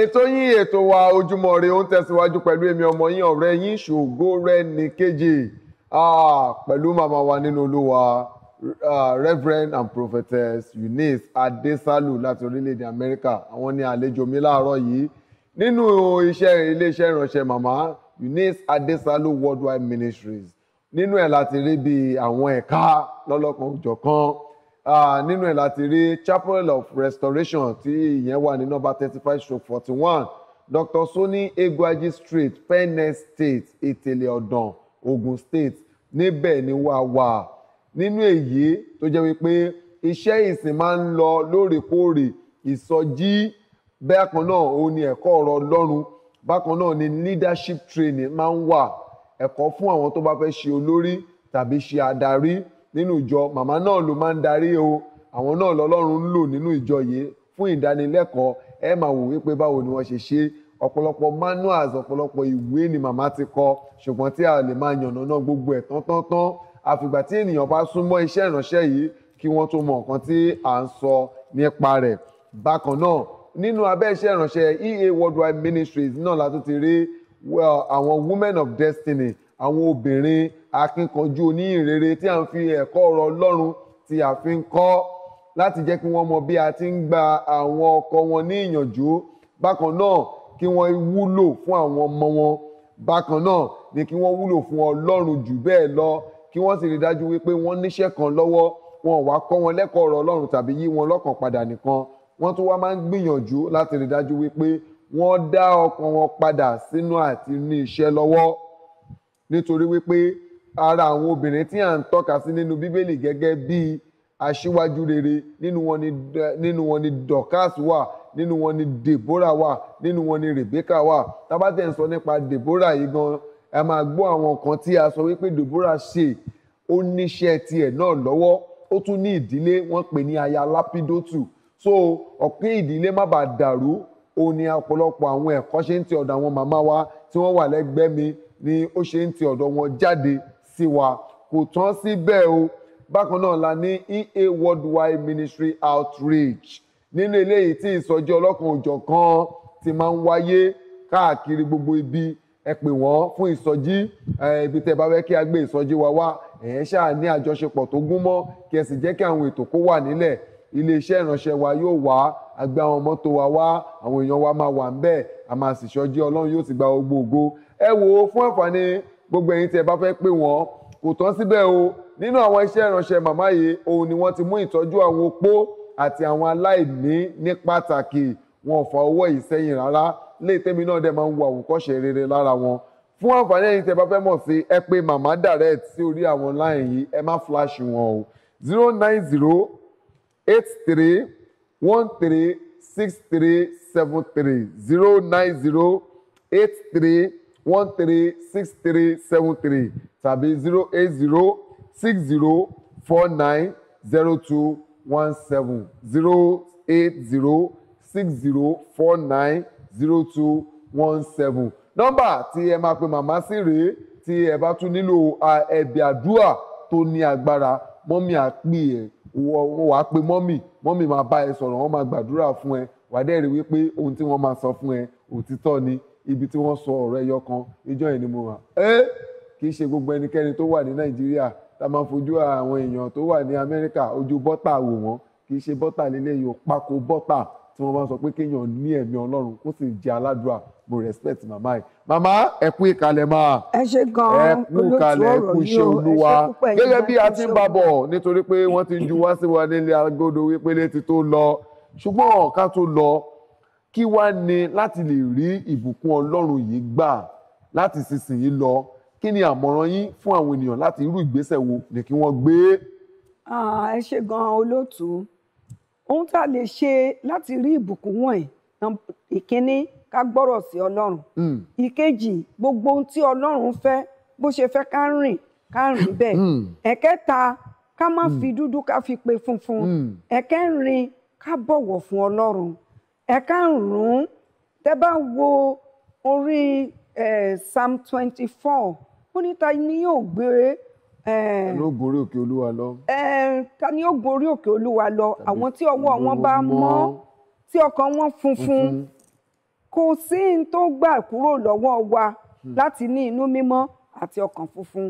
ètò yín ètò wa ojúmọ́ ire ó ń tẹ̀síwájú pẹ̀lú èmi ọmọ yín ọ̀rẹ́ yín Ṣògorẹ́níkejì pẹ̀lú màmá wa nínú Olúwa Reverend and Prophetess Eunice Adesalu láti orílẹ̀-èdè Amẹ́ríkà àwọn ni àlejò mi láàárọ̀ yìí nínú iṣẹ́ iléeṣẹ́ ìránṣẹ́ màmá Eunice Adesalu Worldwide Ministries nínú ẹ̀ láti rí bí àwọn ẹ̀ka lọ́lọ́kan òjọ̀kan nínú ẹ̀ láti rí Chapel of Restoration tí ìyẹn wà ní nọ́mbà thirty five stroke forty one Dr. Soni Egwaji Street Penne State Ìtẹ̀lẹ̀ Ọ̀dàn Ogun State níbẹ̀ ni wà wà nínú èyí tó jẹ́ wípé iṣẹ́ ìsìn máa ń lọ lóòrèkóòrè ìsọjí bákan náà òun ni ẹ̀kọ́ ọ̀rọ̀ Ọlọ́run bákan náà ni leadership training máa ń wà ẹ̀kọ́ fún àwọn tó bá fẹ́ ṣe olórí tàbí ṣe adarí nínú ìjọ màmá náà ló máa ń darí o àwọn náà lọ́lọ́run ń lò nínú ìjọ yìí fún ìdánilẹ́kọ̀ọ́ ẹ máa wò wípé báwo ni wọ́n ṣe ṣe ọ̀pọ̀lọpọ̀ manuals ọ̀pọ̀lọpọ̀ ìwé ni màmá ti kọ ṣùgbọ́n tí a lè máa yànnà náà gbogbo ẹ̀ tán tán tán àfìgbà tí ènìyàn bá súnmọ́ iṣẹ́ ìránṣẹ́ yìí kí wọ́n tó mọ nǹkan tí à ń sọ nípa rẹ̀ bákan náà nínú abẹ́ iṣẹ́ ìránṣẹ́ EA Worldwide Ministries náà látún ti rí àwọn Women of Destiny àwọn obìnrin akínkanjú oníhìnrere tí a ń fi ẹ̀kọ́ ọ̀rọ̀ Ọlọ́run tí a fi ń kọ́ láti jẹ́ kí wọ́n mọ bí a ti ń gba àwọn ọkọ wọn ní ìyànjú bákan náà kí wọ́n wúlò fún àwọn ọmọ wọn bákan náà ni kí wọ́n wúlò fún Ọlọ́run jù bẹ́ẹ̀ lọ kí wọ́n sì rí dájú wípé wọ́n níṣẹ́ kan lọ́wọ́ wọn ò wá kọ́ wọn lẹ́kọ̀ọ́ ọ̀rọ̀ Ọlọ́run tàbí yí wọn lọ́kàn padà nìkan wọ́n tún wá máa ń gbìyànjú láti rí dájú wípé wọ́n dá ọkàn wọn padà sínú àti ní iṣẹ́ lọ́wọ́ nítorí wípé ara àwọn obìnrin tí à ń tọ́ka sí nínú bíbélì gẹ́gẹ́ bí aṣíwájú rere nínú wọn ni nínú ni Dorcas wà nínú wọn ni Deborah wà nínú wọn ni Rebecca wà tá bá tẹ̀ ń sọ nípa Deborah yìí gan ẹ máa gbọ́ àwọn kan tí a sọ wípé Deborah ṣe ó níṣẹ́ tiẹ̀ náà lọ́wọ́ ó tún ní ìdílé wọ́n pè ní aya lápídótù so ọ̀pẹ́ ìdílé má bàa dàrú òun ni ọ̀pọ̀lọpọ̀ àwọn ẹ̀kọ́ ṣe ń ti ọ̀dọ̀ àwọn màmá wa tí wọ́n wà lẹ́gbẹ̀ẹ́ mi ni ó ṣe ń ti ọ̀dọ̀ wọn jáde sí wa kò tán síbẹ̀ o bákan náà la ní EA Worldwide Ministry Outreach nínú eléyìí tí ìsọjí ọlọ́kan òjọ̀kan ti máa ń wáyé káàkiri gbogbo ibi ẹ pè wọ́n fún ìsọjí ibi tẹ́ bá fẹ́ kí a gbé ìsọjí wa wá ẹ̀ ṣáà ní àjọṣepọ̀ tó gún mọ́ kí ẹ sì jẹ́ kí àwọn ètò kó wà nílẹ̀ iléeṣẹ́ ìránṣẹ́ wa yóò wá a àwọn mọ́tò wa wá àwọn èèyàn wa máa wà ń bẹ́ẹ̀ a máa sì ṣọjí ọlọ́run yóò sì gba gbogbo ògo ẹ wò ó fún àǹfààní gbogbo ẹ̀yin tí ẹ bá fẹ́ pè wọ́n kò tán síbẹ̀ o nínú àwọn iṣẹ́ ìránṣẹ́ màmá yìí òun ni wọ́n ti mú ìtọ́jú àwọn opó àti àwọn aláìní ní pàtàkì wọn ò fa owó yìí sẹ́yìn rárá léètèmi náà dẹ̀ máa ń wo àwòkọ́ṣe rere lára wọn fún àǹfààní ẹ̀yin tí bá fẹ́ mọ̀ sí ẹ pé màmá direct sí orí àwọn line yìí ẹ má flash wọn o zero nine zero eight three one three six three seven three zero nine zero eight three one three six three seven three tàbí zero eight zero six zero four nine zero two one seven zero eight zero six zero four nine zero two one seven nọ́mbà tí ẹ máa pe màmá sí rèé tí ẹ bá tún nílò ẹ̀bẹ̀ àdúrà tó ní agbára mọ́mì àpè ẹ̀ wọ́n wàá pe mọ́mì mọ́mì máa bá ẹ sọ̀rọ̀ wọ́n máa gbàdúrà fún ẹ wàá dẹ́rìí wípé ohun tí wọ́n máa sọ fún ẹ òtítọ́ ni ibi tí wọ́n sọ ọ̀rọ̀ ẹyọ kan ìjọ yìí ni mo wà ẹ́ kì í ṣe gbogbo ẹnikẹ́ni tó wà ní nàìjíríà tá a máa fojú àwọn èèyàn tó wà ní amẹ́ríkà ojú bọ́tà wò wọ́n kì í ṣe bọ́tà lílé yìí ò pákó bọ́tà tí wọ́n bá sọ pé kéèyàn ní ẹ̀mí ọlọ́run kó sì jẹ́ aládùúrà mo respect màmá ẹ̀ màmá ẹ kú ìkàlẹ̀ máa ẹ ṣe gan ẹ kú ìkàlẹ̀ ẹ kú iṣẹ́ olúwa gẹ́gẹ́ bí a ti ń bàbọ̀ nítorí pé wọ́n ti ju wá sí wa nílé agodo wípé létí tó lọ ṣùgbọ́n ká tó lọ kí wá ni láti lè rí ìbùkún ọlọ́run yìí gbà láti sísìnyí lọ kí ni àmọ̀ràn yín fún àwọn ènìyàn láti irú ìgbésẹ̀ wo ni kí wọ́n gbé. ẹ ṣe gan-an olóòtú ohun tá a lè ṣe láti rí ìbùkún wọ̀nyí ìkíní ká gbọ́rọ̀ sí ọlọ́run hmm. ìkejì gbogbo ohun tí ọlọ́run fẹ́ bó ṣe fẹ́ ká rìn ká rìn bẹ́ẹ̀ hmm. ẹ̀kẹta ká má hmm. fi dúdú ká fi pe funfun ẹ̀kẹrin ká bọ̀wọ̀ fún ọlọ́run ẹ̀karùn-ún tẹ́ bá wo orí psalm twenty four ó ní ta ni yóò gbé ta ni ó gorí òkè olúwa lọ. ta ni ó gorí òkè olúwa lọ àwọn tí ọwọ́ wọn bá mọ́ tí ọkàn wọn funfun kò sí n tó gbà kúrò lọ́wọ́ wa hmm. láti ní inú mímọ́ àti ọkàn funfun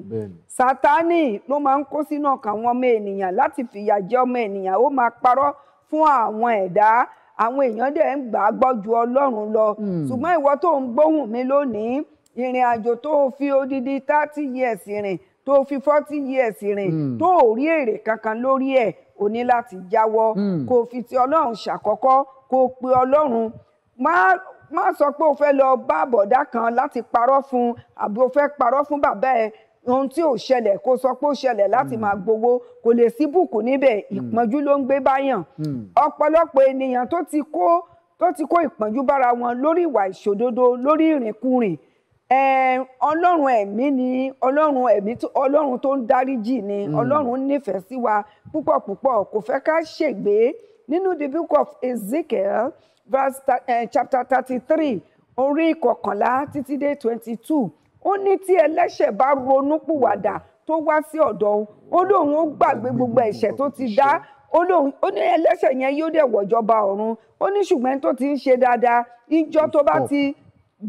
sátánì ló máa ń kó sínú ọkàn àwọn ọmọ ènìyàn láti fìyà jẹ ọmọ ènìyàn ó máa parọ́ fún àwọn ẹ̀dá àwọn èèyàn dẹ̀ ń gbà á gbọ́ ju ọlọ́run lọ hmm. ṣùgbọ́n ìwọ tó ń gbóhùn mi lónìí ìrìn àjò tó fi odidi thirty years rìn tó fi forty years rìn hmm. tó ò rí èrè kankan lórí ẹ̀ o ní láti jáwọ́ hmm. kó o fi ti ọlọ́run ṣàkọ́kọ́ kó o pe ọlọ́run má má sọ pé o fẹ́ lọ bá bọ̀dá kan láti parọ́ fún àbí o fẹ́ parọ́ fún bàbá ẹ ohun tí ò ṣẹlẹ̀ kó sọ pé ó ṣẹlẹ̀ láti hmm. máa gbowó kò lè sí bùkún níbẹ̀ hmm. ìpọ́njú ló ń gbé báyàn hmm. ọ̀pọ̀lọpọ̀ ènìyàn tó ti kó tó ti kó ìpọ́njú bára wọn lórí ìwà ìṣòdodo lórí ìrìnkúrìn ọlọ́run ẹ̀mí ni ọlọ́run ẹ̀mí ọlọ́run tó ń dáríjì ni ọlọ́run nífẹ̀ẹ́ sí wa púpọ̀ púpọ̀ kò fẹ́ ká ṣègbé nínú the book of Ezekiel verse eh, chapter thirty three orí kọkànlá títí dé twenty two ó ní tí ẹlẹ́ṣẹ̀ bá ronúpìwàdà tó wá sí ọ̀dọ̀ òun ó lóun ó gbàgbé gbogbo ẹ̀ṣẹ̀ tó ti dá ó lóun ó ní ẹlẹ́ṣẹ̀ yẹn yóò dẹ̀ wọ̀jọba ọ̀run ó ní ṣùgbọ́n tó ti ń ṣe dáadáa ìjọ tó bá ti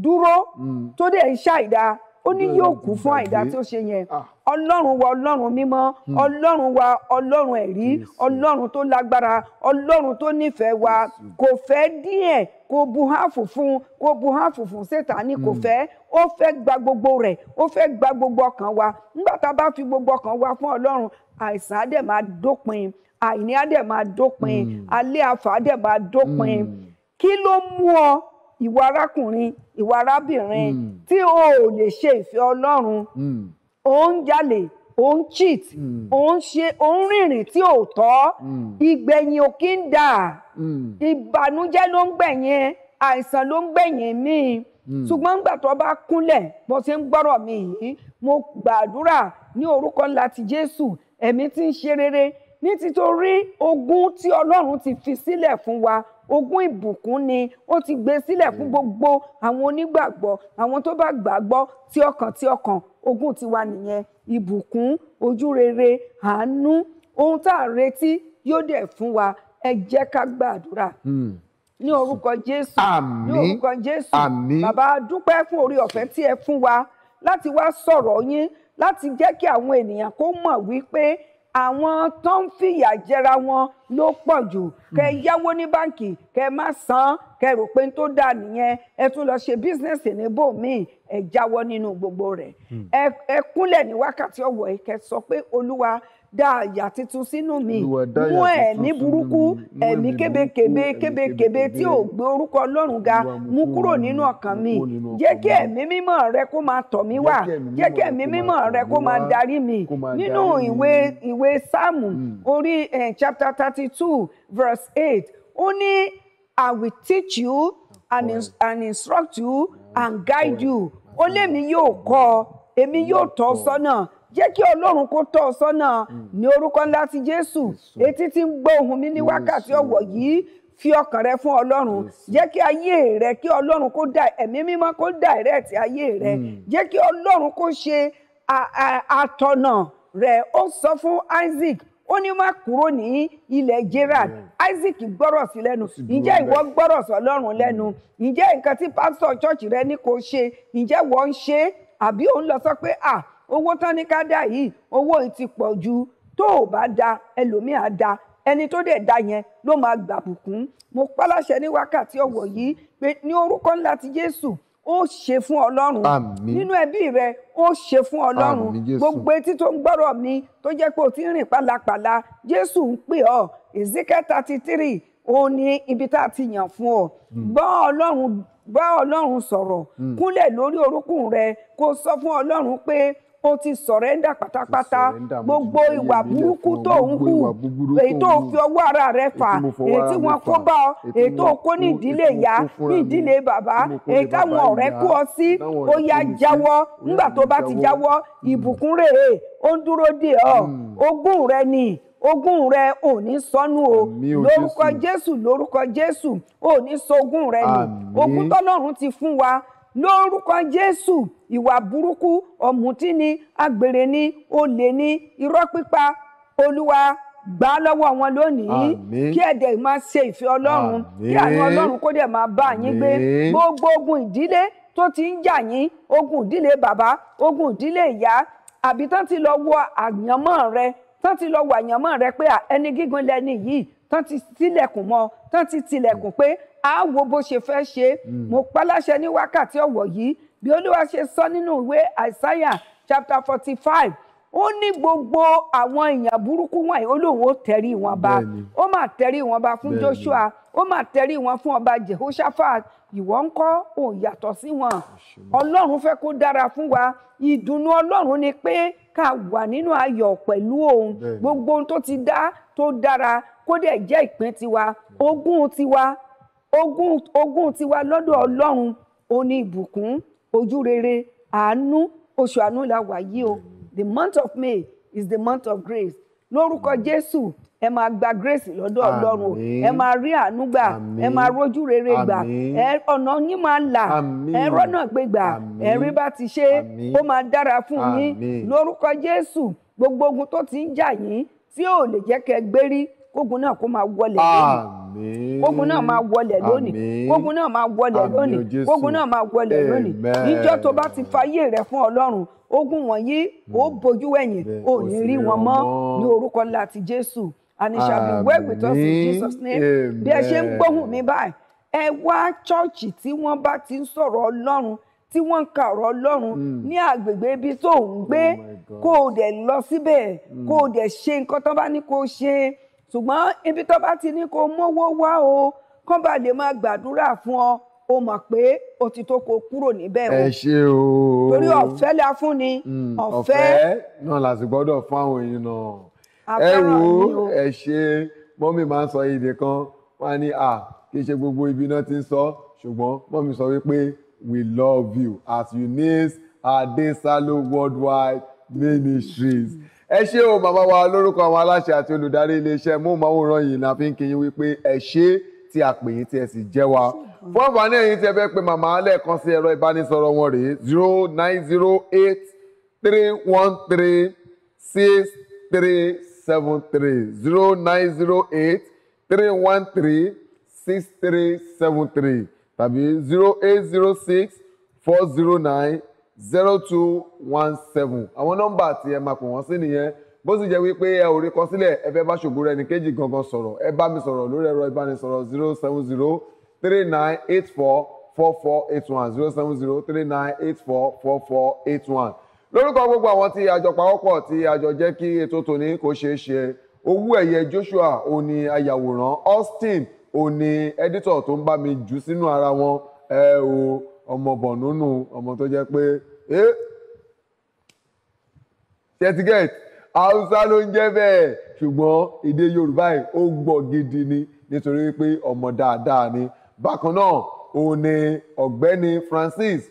dúró hmm. tó dẹ̀ ń ṣàìdá ó ní yóò kú fún àìdá tó ṣe yẹn ah ọlọ́run wa ọlọ́run mímọ́ hmm. ọlọ́run wa ọlọ́run ẹ̀rí ọlọ́run tó lágbára ọlọ́run tó nífẹ̀ẹ́ wa kò fẹ́ díẹ̀ kò bu háàfù fún kò bu háàfù fún sẹ́tàní kò hmm. fẹ́ ó fẹ́ gba gbogbo rẹ̀ ó fẹ́ gba gbogbo ọkàn wa nígbà tá a bá fi gbogbo ọkàn wa fún ọlọ́run àìsàn á dẹ̀ máa dópin àìní á dẹ̀ máa dópin hmm. alẹ́ àfà á dẹ̀ máa dópin kí ló mú ọ ìwà arákùnrin ìwà arábìnrin tí o ò lè ṣe ìfẹ́ ọlọ́run ó ń jalè ó ń cheat hmm. ó ń ṣe ó ń rìnrìn tí ò tọ́ hmm. ìgbẹ̀yìn ò kí ń dà hmm. ìbànújẹ́ ló ń gbẹ̀yìn àìsàn ló ń gbẹ̀yìn míì ṣùgbọ́n nígbà tó bá kúnlẹ̀ bó ṣe ń gbọ́rọ̀ mi yìí mo gbàdúrà ní orúkọ ńlá ti Jésù ẹ̀mí tí ń ṣe rere ní títorí ogún tí Ọlọ́run ti fi sílẹ̀ fún wa ogún ìbùkún ni ó ti gbé sílẹ̀ fún hmm. gbogbo àwọn onígbàgbọ́ àwọn tó bá gbàgbọ́ tí ọkàn tí ọkàn ogún tiwa nìyẹn ìbùkún ojúrere àánú ohun tá a retí yóò dẹ̀ fún wa ẹ jẹ́ ká gbàdúrà hmm. ní orúkọ Jésù ní orúkọ Jésù bàbá dúpẹ́ fún orí ọ̀fẹ́ tí ẹ fún wa láti wá sọ̀rọ̀ yín láti jẹ́ kí àwọn ènìyàn kó mọ̀ wípé àwọn tó ń fìyà jẹra wọn ló pọ̀ jù hmm. kẹ yáwó ní báǹkì kẹ má san kẹ rò pé tó dà nìyẹn ẹ tún lọ ṣe bísínẹ́sì níbò míì ẹ jáwọ́ nínú gbogbo rẹ̀ hmm. ẹ kúnlẹ̀ ní wákàtí ọ̀wọ̀ ẹ kẹ sọ pé olúwa Da àyà tuntun sínú mi mú ẹ̀mí burúkú ẹ̀mí kébékébé kébékébé tí ò gbé orúkọ ọlọ́run ga mú kúrò nínú ọkàn mi jẹ́ kí ẹ̀mí mímọ́ rẹ kó máa tọ̀ mí wá jẹ́ kí ẹ̀mí mímọ́ rẹ kó máa darí mi nínú ìwé sáàmù hmm. orí eh, chapter thirty two verse eight ó ní i will teach you and, and instruct you and guide you ó lé mi yóò kọ́ ọ yóò tọ́ sọ́nà jẹ́ kí ọlọ́run kó tọ́ ọ sọ́nà mm. ní orúkọ ńlá ti jésù etí tí ń gbọ́ ohùn mi ní wákàtí ọ̀wọ̀ yìí fi ọkàn rẹ fún ọlọ́run jẹ́ kí ayé rẹ kí ọlọ́run kó dá ẹ̀mí mímọ́ kó dá ẹ̀rẹ́ ti ayé rẹ mm. jẹ́ kí ọlọ́run kó ṣe àtọ̀nà rẹ ó sọ fún isaac ó ní má kúrò ní ilẹ̀ gerard isaac gbọ́rọ̀ sí lẹ́nu ǹjẹ́ ìwọ gbọ́rọ̀ sí ọlọ́run lẹ́nu mm. ǹjẹ́ nǹkan tí pásítọ̀ chọ́ọ̀chì rẹ ní kò ṣe ǹjẹ́ wọ́n ń ṣe àbí òun lọ sọ pé ah owó tán ní ká dá yìí owó yìí ti pọ̀ ju tó o bá da ẹlòmíì á da ẹni tó dẹ̀ da yẹn ló máa gbàbùkún mo pálàṣẹ ní wákàtí ọ̀wọ̀ yìí pé ní orúkọ ńlá ti Jésù ó ṣe fún ọlọ́run nínú ẹbí rẹ ó ṣe fún ọlọ́run gbogbo etí tó ń gbọ́rọ̀ mi tó jẹ́ pé o ti ń rìn pálapàla jésù ń pè ọ́ ezekiel thirty three ó ní ibi tá a ti yàn fún ọ hmm. bá ọlọ́run bá ọlọ́run sọ̀rọ̀ hmm. kúnlẹ̀ lórí orúnkún rẹ kó sọ fún ọlọ́run pé o ti sọ̀rẹ́ndà pátápátá gbogbo ìwà burúkú tó ń hù èyí tó fi ọwọ́ ara rẹ fà èyí tí wọ́n kó bá ọ èyí tó kó ní ìdílé ìyá ní ìdílé bàbá èyí táwọn ọ̀rẹ́ kó ọ sí ó yá jáwọ́ nígbà tó bá ti jáwọ́ hmm. ìbùkún rèé ó ń dúró dè ọ́ hmm. ogún rẹ ni ogún rẹ ò ní sọnù o lórúkọ jésù lórúkọ jésù ò ní sọ sọgún rẹ ni ogún tọ́lọ́run ti fún wa lórúkọ jésù ìwà burúkú ọ̀mùtí ni àgbèrè ni olè ni irọ́ pípa olúwa gbà lọ́wọ́ wọn lónìí kí ẹ̀dẹ̀ máa ṣe ìfẹ́ ọlọ́run kí àánú ọlọ́run kó dẹ̀ máa bá yín gbé gbogbo ogun ìdílé tó ti ń jà yín ogun ìdílé bàbá ogun ìdílé ìyá àbí tán ti lọ wọ àyànmọ́ rẹ tán ti lọ wọ àyànmọ́ rẹ pé ẹni gígùn lẹni yìí tán ti tilẹ̀kùn mọ́ tán ti tilẹ̀kùn pé A wo bó ṣe fẹ́ ṣe hmm. mo paláṣẹ ní wákàtí ọ̀wọ̀ yìí bí olúwa ṣe sọ nínú ìwé àìsáyà chapter forty five ó ní gbogbo àwọn èèyàn burúkú wọ̀nyí olóhùn ó tẹ̀rí wọn ba ó máa tẹ̀rí wọn ba fún Joshua ó máa tẹ̀rí wọn fún ọba Jehoshaphat ìwọ ń kọ́ ò yàtọ̀ sí wọn ọlọ́run fẹ́ kó dára fún wa ìdùnnú ọlọ́run ni pé ká wà nínú ayọ̀ pẹ̀lú òun gbogbo ohun tó ti dá tó dára kó jẹ́ ìpín tiwa ogún tiwa ogún ogún tiwa lọ́dọ̀ ọlọ́run oni ìbùkún oju rere àánú oṣù àánú la wà yìí o the month of May is the month of grace lórúkọ Jésù ẹ máa gba grace lọ́dọ̀ ọlọ́run o ẹ máa rí àánú gbà ẹ máa rójú rere gbà ẹ ọ̀nà yín máa là ẹ rọ́nà gbé gbà ẹ rí bá ti ṣe ó máa dára fún yín lórúkọ Jésù gbogbo ogun tó ti ń jà yín tí ò lè jẹ́ kẹ́ gbérí kógun náà kó máa wọlẹ̀ lónìí kógun náà máa wọlẹ̀ lónìí kógun náà máa wọlẹ̀ lónìí kógun tó bá ti fayé rẹ̀ fún Ọlọ́run ogun wọ̀nyí ó hmm. bojú ẹ̀yìn ò ní rí wọn mọ́ ní orúkọ ńlá Jésù and well with us in Jesus name bí ẹ ṣe ń gbóhùn mi báyìí ẹ wá chọ́ọ̀chì tí wọ́n bá ti ń sọ̀rọ̀ Ọlọ́run tí wọ́n ń ka ọ̀rọ̀ Ọlọ́run hmm. ní àgbègbè ibi tó ń gbé oh kó o dẹ̀ lọ síbẹ̀ hmm. kó o dẹ̀ ṣe nǹkan tó bá ní kó o ṣe é ṣùgbọ́n ibi tó bá ti ní kó mówó wá o kán bá lè máa gbàdúrà fún ọ o mọ̀ pé o ti tó kó kúrò níbẹ̀ o. ẹ ṣe o. torí ọ̀fẹ́ la fún ni. Hmm, ọ̀fẹ́ náà la sì gbọ́dọ̀ fún àwọn èèyàn náà. ẹ wo ẹ ṣe mọ́mí máa ń sọ èdè kan wọ́n á ní à kì í ṣe gbogbo ibi náà ti ń sọ ṣùgbọ́n mọ́mí sọ wípé we love you as Eunice Adesalo worldwide ministries ẹ ṣé o bàbá wa lórúkọ àwọn aláṣẹ àti olùdarí iléeṣẹ́ móhùnmáwòrán yìí la fi ń kí yín wípé ẹ ṣé tí a pè yín tí ẹ sì jẹ́ wa fún àǹfààní ẹ̀yin tí ẹ fẹ́ pe màmá lẹ́ẹ̀kan sí ẹ̀rọ ìbánisọ̀rọ̀ wọn rèé zero nine zero eight three one three six three seven three zero nine zero eight three one three six three seven three tàbí zero eight zero six four zero nine zero two one seven àwọn nọ́mbà tí ẹ máa pè wọ́n sí nìyẹn bó sì jẹ́ wípé ẹ ò rí kọ sílẹ̀ ẹ fẹ́ bá ṣògo rẹ̀ ní kejì gangan sọ̀rọ̀ ẹ bá mi sọ̀rọ̀ lórí ẹ̀rọ ìbánisọ̀rọ̀ zero seven zero three nine eight four four four eight one zero seven zero three nine eight four four four eight one lórúkọ gbogbo àwọn tí àjọ pawọ́pọ̀ tí àjọ jẹ́ kí ètò tòní kò ṣeé ṣe owó ẹ̀yẹ Joshua òní ayàwòrán Austin òní ẹ́dítọ̀ tó ń bá mi jù sínú ara wọn ẹ o ọmọ bọ̀núnù ọmọ tó jẹ́ pé ẹ́ tẹ́tígẹ́t haúsá ló ń jẹ́ bẹ́ẹ̀ ṣùgbọ́n èdè yorùbá yìí ó gbọ́ gidi ni nítorí pé ọmọ dáadáa ni bákan náà òun ni ọ̀gbẹ́ni Francis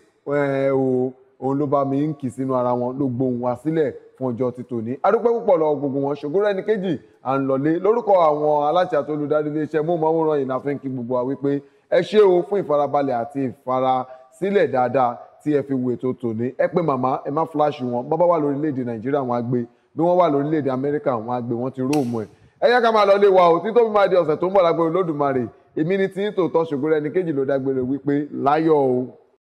òun ló bá mi ń kì sínú ara wọn ló gbóhùn wá sílẹ̀ fún ọjọ́ ti tòní adúpẹ́ púpọ̀ lọ gbogbo wọn ṣògùrẹ́ ní kejì à ń lọlé lórúkọ àwọn aláṣẹ àti olùdarí iléeṣẹ́ mú mọ́wòrán náà fi ń kí gbogbo wa wípé ẹ ṣé o fún ìfarabalẹ̀ àti ìfara sílẹ̀ dáadáa tí ẹ fi wo ètò tòní ẹ pé màmá ẹ má fúláṣì wọn bàbá wà lórílẹ̀‐èdè nàìjíríà wọn á gbé bí wọ́n wà lórílẹ̀‐èdè amẹ́ríkà wọn á gbé wọ́n ti róòmù ẹ̀ ẹ yá ká máa lọ lé wa ò tí tó fi máa di ọ̀sẹ̀ tó ń bọ̀ lágbèrè lódùmarè èmi ni tí tòótọ́ ṣògo rẹ ní kéjì ló dágbére wípé láyọ̀ o.